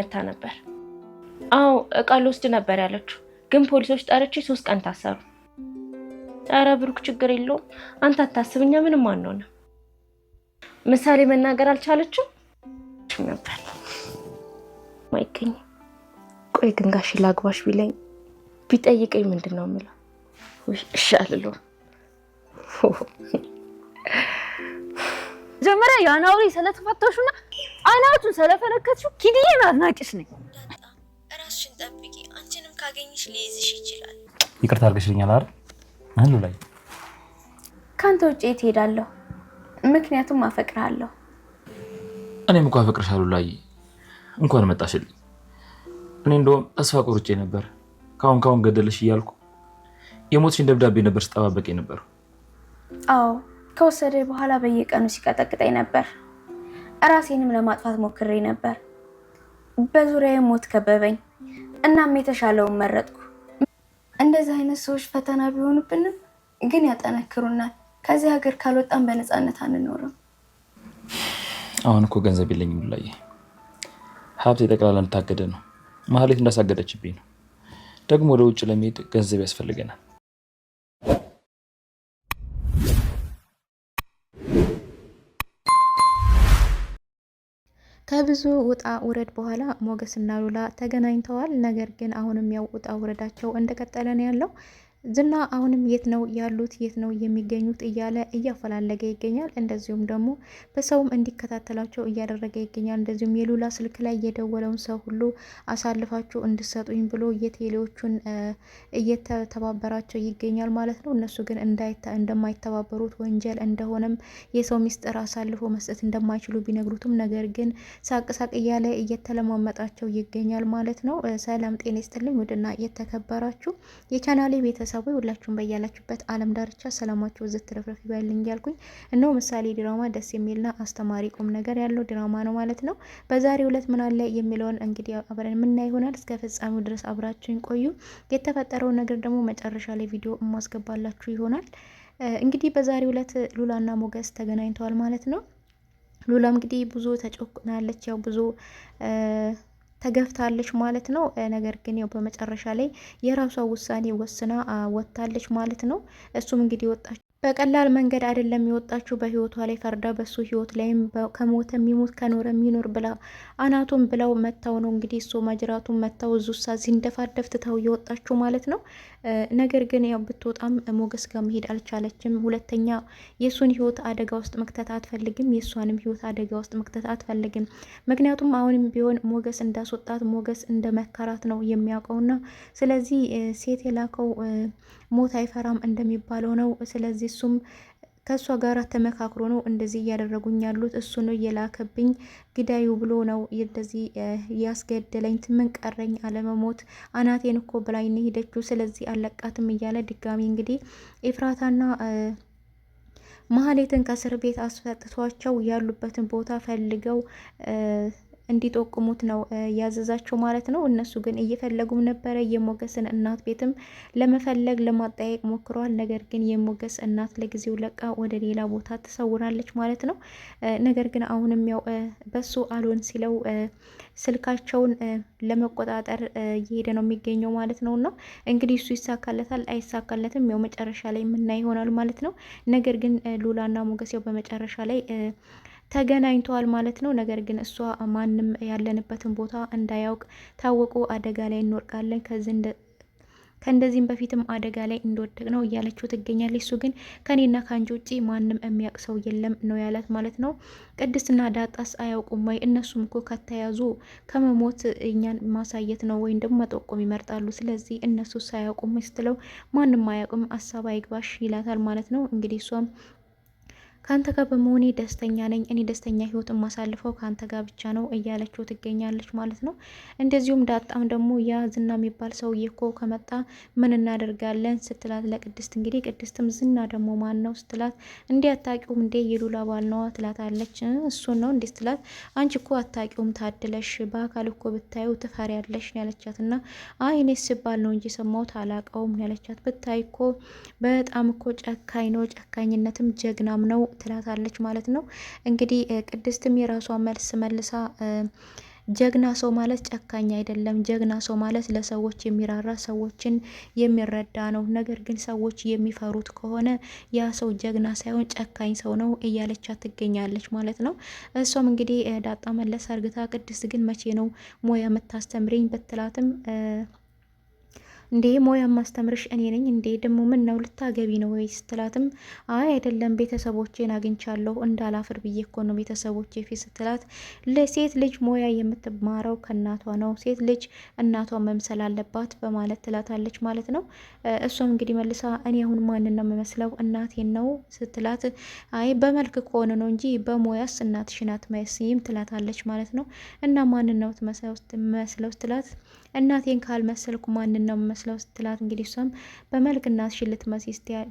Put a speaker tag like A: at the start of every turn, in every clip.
A: መታ ነበር። አዎ እቃ ልወስድ ነበር ያለችው፣ ግን ፖሊሶች ጠርቼ ሶስት ቀን ታሰሩ። ኧረ ብሩክ ችግር የለውም አንተ አታስብ፣ እኛ ምንም አንሆንም። ምሳሌ መናገር አልቻለችም ነበር አይገኝም። ቆይ ግን ጋሽ ላግባሽ ቢለኝ ቢጠይቀኝ ምንድን ነው የምለው? እሺ ጀመሪያ መጀመሪያ ያን አውሬ ስለተፋታሹና አናቱን ስለፈነከትሽው ኪድዬን አድናቂሽ ነኝ።
B: ራስሽን ጠብቂ። አንቺንም ካገኝሽ ሊይዝሽ ይችላል።
C: ይቅርታ አድርገሽልኛል አይደል? አሉ ላይ
D: ከአንተ ውጭ የት ምክንያቱም ምክንያቱም አፈቅርሃለሁ።
C: እኔም እኮ አፈቅርሻለሁ ላይ እንኳን መጣሽልኝ። እኔ እንደውም ተስፋ ቆርጬ ነበር። ካሁን ካሁን ገደለሽ እያልኩ የሞትሽን ደብዳቤ ነበር ስጠባበቅ ነበር።
D: አዎ ከወሰደ በኋላ በየቀኑ ሲቀጠቅጠኝ ነበር። ራሴንም ለማጥፋት ሞክሬ ነበር። በዙሪያዬ ሞት ከበበኝ። እናም የተሻለውን መረጥኩ። እንደዚህ አይነት ሰዎች ፈተና ቢሆኑብንም ግን ያጠነክሩናል። ከዚህ ሀገር ካልወጣን በነፃነት አንኖርም።
C: አሁን እኮ ገንዘብ የለኝ ላይ ሀብት የጠቅላላ እንታገደ ነው። ማህሌት እንዳሳገደችብኝ ነው። ደግሞ ወደ ውጭ ለመሄድ ገንዘብ ያስፈልገናል።
E: ከብዙ ውጣ ውረድ በኋላ ሞገስና ሉላ ተገናኝተዋል። ነገር ግን አሁንም ያው ውጣ ውረዳቸው እንደቀጠለ ነው ያለው። ዝና አሁንም የት ነው ያሉት የት ነው የሚገኙት እያለ እያፈላለገ ይገኛል። እንደዚሁም ደግሞ በሰውም እንዲከታተላቸው እያደረገ ይገኛል። እንደዚሁም የሉላ ስልክ ላይ የደወለውን ሰው ሁሉ አሳልፋችሁ እንድሰጡኝ ብሎ የቴሌዎቹን እየተተባበራቸው ይገኛል ማለት ነው። እነሱ ግን እንደማይተባበሩት ወንጀል እንደሆነም የሰው ሚስጥር አሳልፎ መስጠት እንደማይችሉ ቢነግሩትም ነገር ግን ሳቅሳቅ እያለ እየተለማመጣቸው ይገኛል ማለት ነው። ሰላም ጤና ይስጥልኝ ውድና የተከበራችሁ የቻናሌ ቤተሰብ ቤተሰቡ ሁላችሁም በያላችሁበት አለም ዳርቻ ሰላማችሁ ዝት ትረፍረፍ ይበልኝ እያልኩኝ እነሆ ምሳሌ ድራማ ደስ የሚልና አስተማሪ ቁም ነገር ያለው ድራማ ነው ማለት ነው። በዛሬ ሁለት ምን አለ የሚለውን እንግዲህ አብረን የምናይ ይሆናል። እስከ ፍጻሜው ድረስ አብራችሁኝ ቆዩ። የተፈጠረው ነገር ደግሞ መጨረሻ ላይ ቪዲዮ የማስገባላችሁ ይሆናል። እንግዲህ በዛሬው ዕለት ሉላና ሞገስ ተገናኝተዋል ማለት ነው። ሉላም እንግዲህ ብዙ ተጮክናለች ያው ብዙ ተገፍታለች ማለት ነው። ነገር ግን ያው በመጨረሻ ላይ የራሷ ውሳኔ ወስና ወጥታለች ማለት ነው። እሱም እንግዲህ ወጣች በቀላል መንገድ አይደለም የወጣችው። በህይወቷ ላይ ፈርዳ በሱ ህይወት ላይም ከሞተ የሚሞት ከኖረ የሚኖር ብላ አናቱን ብለው መታው ነው እንግዲህ እሱ ማጅራቱን መታው እዙሳ ዚንደፋደፍ ትታው እየወጣችው ማለት ነው። ነገር ግን ያው ብትወጣም ሞገስ ጋር መሄድ አልቻለችም። ሁለተኛ የእሱን ህይወት አደጋ ውስጥ መክተት አትፈልግም፣ የእሷንም ህይወት አደጋ ውስጥ መክተት አትፈልግም። ምክንያቱም አሁንም ቢሆን ሞገስ እንዳስወጣት ሞገስ እንደ መከራት ነው የሚያውቀውና ስለዚህ ሴት የላከው ሞት አይፈራም እንደሚባለው ነው። ስለዚህ እሱም ከእሷ ጋር ተመካክሮ ነው እንደዚህ እያደረጉኝ ያሉት፣ እሱ ነው እየላከብኝ ግዳዩ ብሎ ነው እንደዚህ ያስገደለኝ። ምን ቀረኝ አለመሞት፣ አናቴን እኮ በላይ ነው ሄደችው። ስለዚህ አለቃትም እያለ ድጋሚ እንግዲህ ኤፍራታና መሀሌትን ከእስር ቤት አስፈጥቷቸው ያሉበትን ቦታ ፈልገው እንዲጠቁሙት ነው ያዘዛቸው ማለት ነው። እነሱ ግን እየፈለጉም ነበረ። የሞገስን እናት ቤትም ለመፈለግ ለማጠያየቅ ሞክረዋል። ነገር ግን የሞገስ እናት ለጊዜው ለቃ ወደ ሌላ ቦታ ትሰውራለች ማለት ነው። ነገር ግን አሁንም ያው በሱ አልሆን ሲለው ስልካቸውን ለመቆጣጠር እየሄደ ነው የሚገኘው ማለት ነው። እና እንግዲህ እሱ ይሳካለታል አይሳካለትም ያው መጨረሻ ላይ የምናይ ይሆናል ማለት ነው። ነገር ግን ሉላና ሞገስ ያው በመጨረሻ ላይ ተገናኝተዋል ማለት ነው። ነገር ግን እሷ ማንም ያለንበትን ቦታ እንዳያውቅ ታወቁ፣ አደጋ ላይ እንወርቃለን። ከዚህ ከእንደዚህም በፊትም አደጋ ላይ እንደወደቅ ነው እያለችው ትገኛለች። እሱ ግን ከኔና ከአንቺ ውጪ ማንም የሚያውቅ ሰው የለም ነው ያላት ማለት ነው። ቅድስትና ዳጣስ አያውቁም ወይ? እነሱም እኮ ከተያዙ ከመሞት እኛን ማሳየት ነው ወይም ደግሞ መጠቆም ይመርጣሉ። ስለዚህ እነሱ ሳያውቁም ስትለው ማንም አያውቅም፣ አሳብ አይግባሽ ይላታል ማለት ነው። እንግዲህ እሷም ከአንተ ጋር በመሆኔ ደስተኛ ነኝ። እኔ ደስተኛ ህይወት የማሳልፈው ከአንተ ጋር ብቻ ነው እያለችው ትገኛለች ማለት ነው። እንደዚሁም ዳጣም ደግሞ ያ ዝና የሚባል ሰውዬ እኮ ከመጣ ምን እናደርጋለን ስትላት ለቅድስት እንግዲህ ቅድስትም ዝና ደግሞ ማን ነው ስትላት እንዲህ አታውቂውም እንዴ የሉላ ባል ነዋ ትላታለች። እሱን ነው እንዲህ ስትላት አንቺ እኮ አታውቂውም ታድለሽ፣ በአካል እኮ ብታዩ ትፈሪያለሽ ያለቻት እና አይ እኔ ስባል ነው እንጂ ሰማሁት አላውቀውም ያለቻት ብታይ እኮ በጣም እኮ ጨካኝ ነው፣ ጨካኝነትም ጀግናም ነው ትላታለች ማለት ነው። እንግዲህ ቅድስትም የራሷ መልስ መልሳ ጀግና ሰው ማለት ጨካኝ አይደለም። ጀግና ሰው ማለት ለሰዎች የሚራራ ሰዎችን የሚረዳ ነው። ነገር ግን ሰዎች የሚፈሩት ከሆነ ያ ሰው ጀግና ሳይሆን ጨካኝ ሰው ነው እያለቻ ትገኛለች ማለት ነው። እሷም እንግዲህ ዳጣ መለስ አርግታ ቅድስት ግን መቼ ነው ሙያ የምታስተምሪኝ ብትላትም እንዴ ሞያ ማስተምርሽ እኔ ነኝ እንዴ ደግሞ ምን ነው ልታገቢ ነው ወይ ስትላትም አይ አይደለም ቤተሰቦቼን አግኝቻለሁ እንዳላፍር ብዬ እኮ ነው ቤተሰቦቼ ፊት ስትላት ለሴት ልጅ ሞያ የምትማረው ከእናቷ ነው ሴት ልጅ እናቷ መምሰል አለባት በማለት ትላታለች ማለት ነው። እሷም እንግዲህ መልሳ እኔ አሁን ማንን ነው የምመስለው እናቴን ነው ስትላት አይ በመልክ ከሆነ ነው እንጂ በሞያስ እናትሽን አትመስይም ትላታለች ማለት ነው። እና ማንን ነው ትመስለው ስትላት እናቴን ካልመሰልኩ ማንን ነው የምትመስለው ስትላት እንግዲህ እሷም በመልክ እናትሽን ልትመስ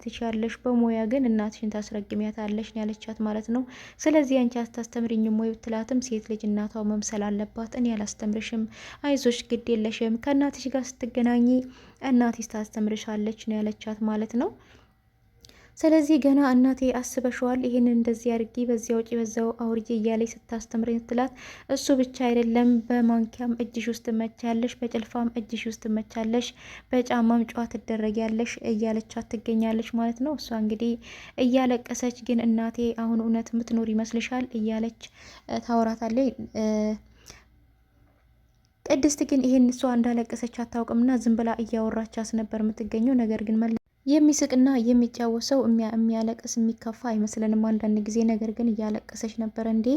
E: ትችያለሽ፣ በሙያ ግን እናትሽን ታስረግሚያታለሽ ነው ያለቻት ማለት ነው። ስለዚህ አንቺ አታስተምሪኝም ወይ ብትላትም ሴት ልጅ እናቷ መምሰል አለባት፣ እኔ አላስተምርሽም፣ አይዞሽ፣ ግድ የለሽም፣ ከእናትሽ ጋር ስትገናኝ እናትሽ ታስተምርሻለች ነው ያለቻት ማለት ነው። ስለዚህ ገና እናቴ አስበሸዋል ይህን እንደዚህ አድርጊ፣ በዚያ ውጪ፣ በዛው አውርጂ እያለች ስታስተምር ስትላት እሱ ብቻ አይደለም በማንኪያም እጅሽ ውስጥ መቻለሽ፣ በጭልፋም እጅሽ ውስጥ መቻለሽ፣ በጫማም ጨዋ ትደረጊያለሽ እያለቻት ትገኛለች ማለት ነው። እሷ እንግዲህ እያለቀሰች ግን እናቴ አሁን እውነት ምትኖር ይመስልሻል እያለች ታወራታለች። ቅድስት ግን ይህን እሷ እንዳለቀሰች አታውቅምና ዝም ብላ እያወራቻት ነበር የምትገኘው ነገር ግን የሚስቅና የሚጫወት ሰው የሚያለቅስ የሚከፋ አይመስለንም አንዳንድ ጊዜ። ነገር ግን እያለቀሰች ነበር። እንዴ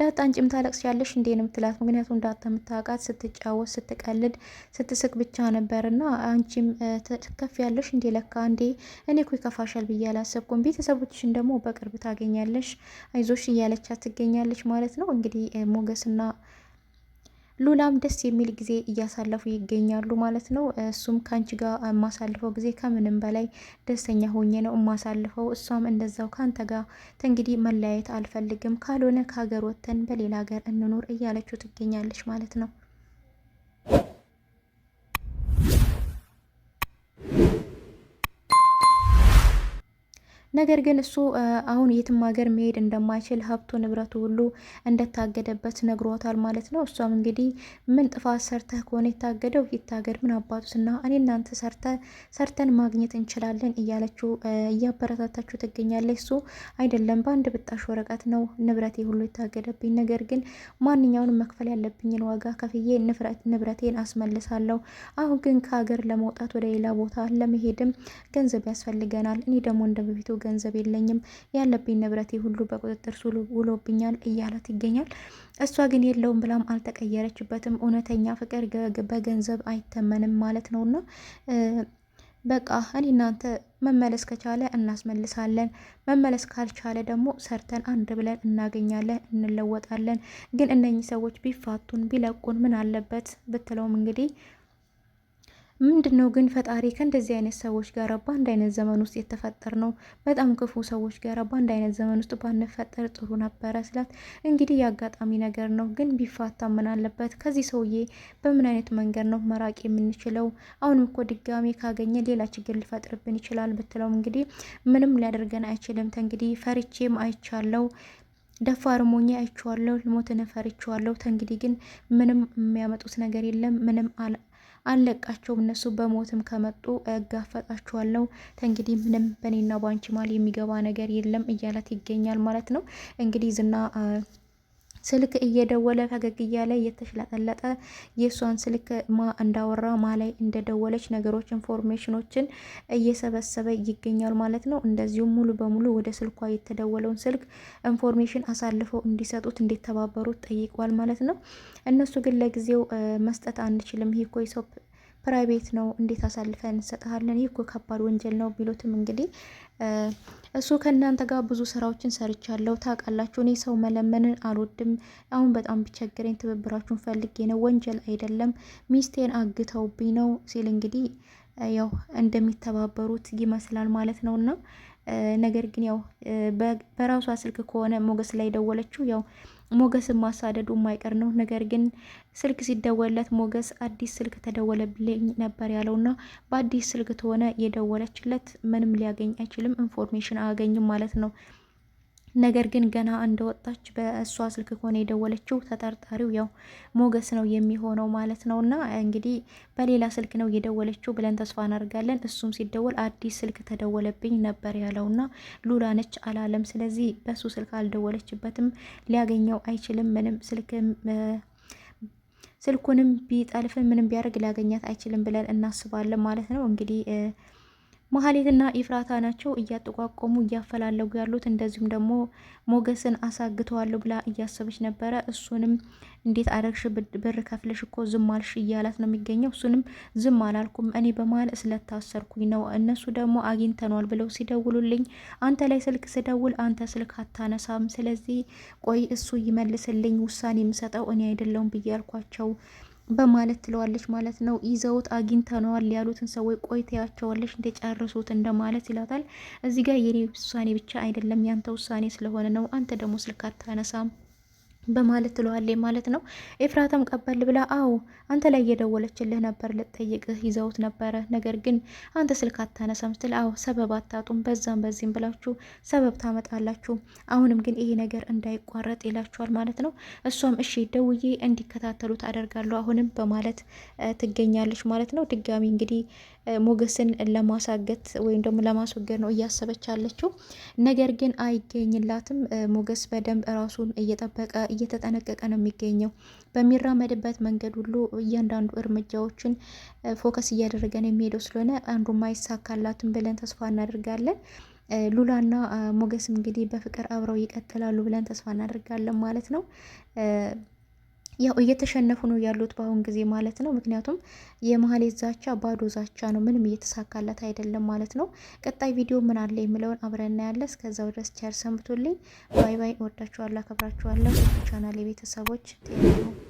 E: ዳጣ አንቺም ታለቅሻለሽ እንዴ ነው የምትላት። ምክንያቱም ዳጣ የምታውቃት ስትጫወት፣ ስትቀልድ፣ ስትስቅ ብቻ ነበር እና አንቺም ትከፍ ያለሽ እንዴ ለካ እንዴ እኔ እኮ ይከፋሻል ብዬ አላሰብኩም። ቤተሰቦችሽን ደግሞ በቅርብ ታገኛለሽ አይዞሽ እያለቻት ትገኛለች ማለት ነው እንግዲህ ሞገስና ሉላም ደስ የሚል ጊዜ እያሳለፉ ይገኛሉ ማለት ነው። እሱም ከአንቺ ጋር የማሳልፈው ጊዜ ከምንም በላይ ደስተኛ ሆኜ ነው የማሳልፈው፣ እሷም እንደዛው ከአንተ ጋር እንግዲህ መለያየት አልፈልግም፣ ካልሆነ ከሀገር ወጥተን በሌላ ሀገር እንኖር እያለችው ትገኛለች ማለት ነው። ነገር ግን እሱ አሁን የትም ሀገር መሄድ እንደማይችል ሀብቱ ንብረቱ ሁሉ እንደታገደበት ነግሮታል ማለት ነው። እሷም እንግዲህ ምን ጥፋት ሰርተህ ከሆነ የታገደው ይታገድ፣ ምን አባቱትና እኔ እናንተ ሰርተን ማግኘት እንችላለን እያለችው እያበረታታችሁ ትገኛለች። እሱ አይደለም በአንድ ብጣሽ ወረቀት ነው ንብረቴ ሁሉ የታገደብኝ፣ ነገር ግን ማንኛውንም መክፈል ያለብኝን ዋጋ ከፍዬ ንብረቴን አስመልሳለሁ። አሁን ግን ከሀገር ለመውጣት ወደ ሌላ ቦታ ለመሄድም ገንዘብ ያስፈልገናል። እኔ ደግሞ እንደ በፊቱ ገንዘብ የለኝም፣ ያለብኝ ንብረቴ ሁሉ በቁጥጥር ስር ውሎብኛል እያላት ይገኛል። እሷ ግን የለውም ብላም አልተቀየረችበትም። እውነተኛ ፍቅር በገንዘብ አይተመንም ማለት ነውና በቃ እኔ እናንተ መመለስ ከቻለ እናስመልሳለን፣ መመለስ ካልቻለ ደግሞ ሰርተን አንድ ብለን እናገኛለን፣ እንለወጣለን። ግን እነኚህ ሰዎች ቢፋቱን ቢለቁን ምን አለበት ብትለውም እንግዲህ ምንድን ነው ግን ፈጣሪ ከእንደዚህ አይነት ሰዎች ጋር በአንድ አይነት ዘመን ውስጥ የተፈጠር ነው። በጣም ክፉ ሰዎች ጋር በአንድ አይነት ዘመን ውስጥ ባንፈጠር ጥሩ ነበረ ስላት፣ እንግዲህ የአጋጣሚ ነገር ነው። ግን ቢፋታ ምን አለበት? ከዚህ ሰውዬ በምን አይነት መንገድ ነው መራቅ የምንችለው? አሁንም እኮ ድጋሜ ካገኘ ሌላ ችግር ሊፈጥርብን ይችላል ብትለውም እንግዲህ ምንም ሊያደርገን አይችልም። ተእንግዲህ ፈርቼም አይቻለው ደፋር ሞኝ አይቼዋለሁ። ልሞትን ፈርቼዋለሁ። ተንግዲህ ግን ምንም የሚያመጡት ነገር የለም ምንም አለቃቸው እነሱ በሞትም ከመጡ እጋፈጣችኋለሁ። ተእንግዲህ ምንም በእኔና በአንቺ ማል የሚገባ ነገር የለም እያላት ይገኛል ማለት ነው እንግዲህ ዝና ስልክ እየደወለ ፈገግ እያለ እየተሽለጠለጠ የእሷን ስልክ ማ እንዳወራ ማ ላይ እንደደወለች ነገሮች ኢንፎርሜሽኖችን እየሰበሰበ ይገኛል ማለት ነው። እንደዚሁም ሙሉ በሙሉ ወደ ስልኳ የተደወለውን ስልክ ኢንፎርሜሽን አሳልፈው እንዲሰጡት እንዲተባበሩት ጠይቋል ማለት ነው። እነሱ ግን ለጊዜው መስጠት አንችልም ሂኮ ፕራይቬት ነው እንዴት አሳልፈን እንሰጥሃለን? ይህ እኮ ከባድ ወንጀል ነው ቢሉትም እንግዲህ እሱ ከእናንተ ጋር ብዙ ስራዎችን ሰርቻለሁ ታውቃላችሁ። እኔ ሰው መለመንን አልወድም። አሁን በጣም ቢቸግረኝ ትብብራችሁን ፈልጌ ነው፣ ወንጀል አይደለም። ሚስቴን አግተውብኝ ነው ሲል እንግዲህ ያው እንደሚተባበሩት ይመስላል ማለት ነው እና ነገር ግን ያው በራሷ ስልክ ከሆነ ሞገስ ላይ ደወለችው ያው ሞገስ ማሳደዱ የማይቀር ነው። ነገር ግን ስልክ ሲደወለት ሞገስ አዲስ ስልክ ተደወለብልኝ ነበር ያለውና በአዲስ ስልክ ተሆነ የደወለችለት ምንም ሊያገኝ አይችልም፣ ኢንፎርሜሽን አያገኝም ማለት ነው። ነገር ግን ገና እንደወጣች በእሷ ስልክ ከሆነ የደወለችው ተጠርጣሪው ያው ሞገስ ነው የሚሆነው ማለት ነው። እና እንግዲህ በሌላ ስልክ ነው የደወለችው ብለን ተስፋ እናደርጋለን። እሱም ሲደወል አዲስ ስልክ ተደወለብኝ ነበር ያለው እና ሉላ ነች አላለም። ስለዚህ በሱ ስልክ አልደወለችበትም፣ ሊያገኘው አይችልም። ምንም ስልክም ስልኩንም ቢጠልፍን ምንም ቢያደርግ ሊያገኛት አይችልም ብለን እናስባለን ማለት ነው እንግዲህ መሀሌትና ኢፍራታ ናቸው እያጠቋቆሙ እያፈላለጉ ያሉት። እንደዚሁም ደግሞ ሞገስን አሳግተዋለሁ ብላ እያሰበች ነበረ። እሱንም እንዴት አረግሽ ብር ከፍለሽ እኮ ዝም አልሽ እያላት ነው የሚገኘው። እሱንም ዝም አላልኩም እኔ በመሀል ስለታሰርኩኝ ነው። እነሱ ደግሞ አግኝተኗል ብለው ሲደውሉልኝ አንተ ላይ ስልክ ስደውል አንተ ስልክ አታነሳም። ስለዚህ ቆይ እሱ ይመልስልኝ ውሳኔ የምሰጠው እኔ አይደለውም ብዬ አልኳቸው። በማለት ትለዋለች ማለት ነው። ይዘውት አግኝተነዋል ያሉትን ሰዎች ቆይተያቸዋለች እንደጨረሱት እንደማለት ይላታል። እዚህ ጋር የኔ ውሳኔ ብቻ አይደለም ያንተ ውሳኔ ስለሆነ ነው። አንተ ደግሞ ስልክ አታነሳም በማለት ትለዋለች ማለት ነው። ኤፍራታም ቀበል ብላ አዎ አንተ ላይ እየደወለችልህ ነበር ልጠይቅህ ይዘውት ነበረ፣ ነገር ግን አንተ ስልክ አታነሳም ስትል አዎ ሰበብ አታጡም በዛም በዚህም ብላችሁ ሰበብ ታመጣላችሁ። አሁንም ግን ይሄ ነገር እንዳይቋረጥ ይላችኋል ማለት ነው። እሷም እሺ ደውዬ እንዲከታተሉት አደርጋለሁ አሁንም በማለት ትገኛለች ማለት ነው። ድጋሚ እንግዲህ ሞገስን ለማሳገት ወይም ደግሞ ለማስወገድ ነው እያሰበች ያለችው። ነገር ግን አይገኝላትም። ሞገስ በደንብ ራሱን እየጠበቀ እየተጠነቀቀ ነው የሚገኘው። በሚራመድበት መንገድ ሁሉ እያንዳንዱ እርምጃዎችን ፎከስ እያደረገ ነው የሚሄደው ስለሆነ አንዱ ማይሳካላትም ብለን ተስፋ እናደርጋለን። ሉላና ሞገስም እንግዲህ በፍቅር አብረው ይቀጥላሉ ብለን ተስፋ እናደርጋለን ማለት ነው። ያው እየተሸነፉ ነው ያሉት በአሁን ጊዜ ማለት ነው። ምክንያቱም የመሀሌት ዛቻ ባዶ ዛቻ ነው፣ ምንም እየተሳካለት አይደለም ማለት ነው። ቀጣይ ቪዲዮ ምን አለ የሚለውን አብረና ያለ እስከዛው ድረስ ቸር ሰንብቱልኝ። ባይ ባይ። እወዳችኋለሁ፣ አከብራችኋለሁ። ቻናል የቤተሰቦች ጤና ነው።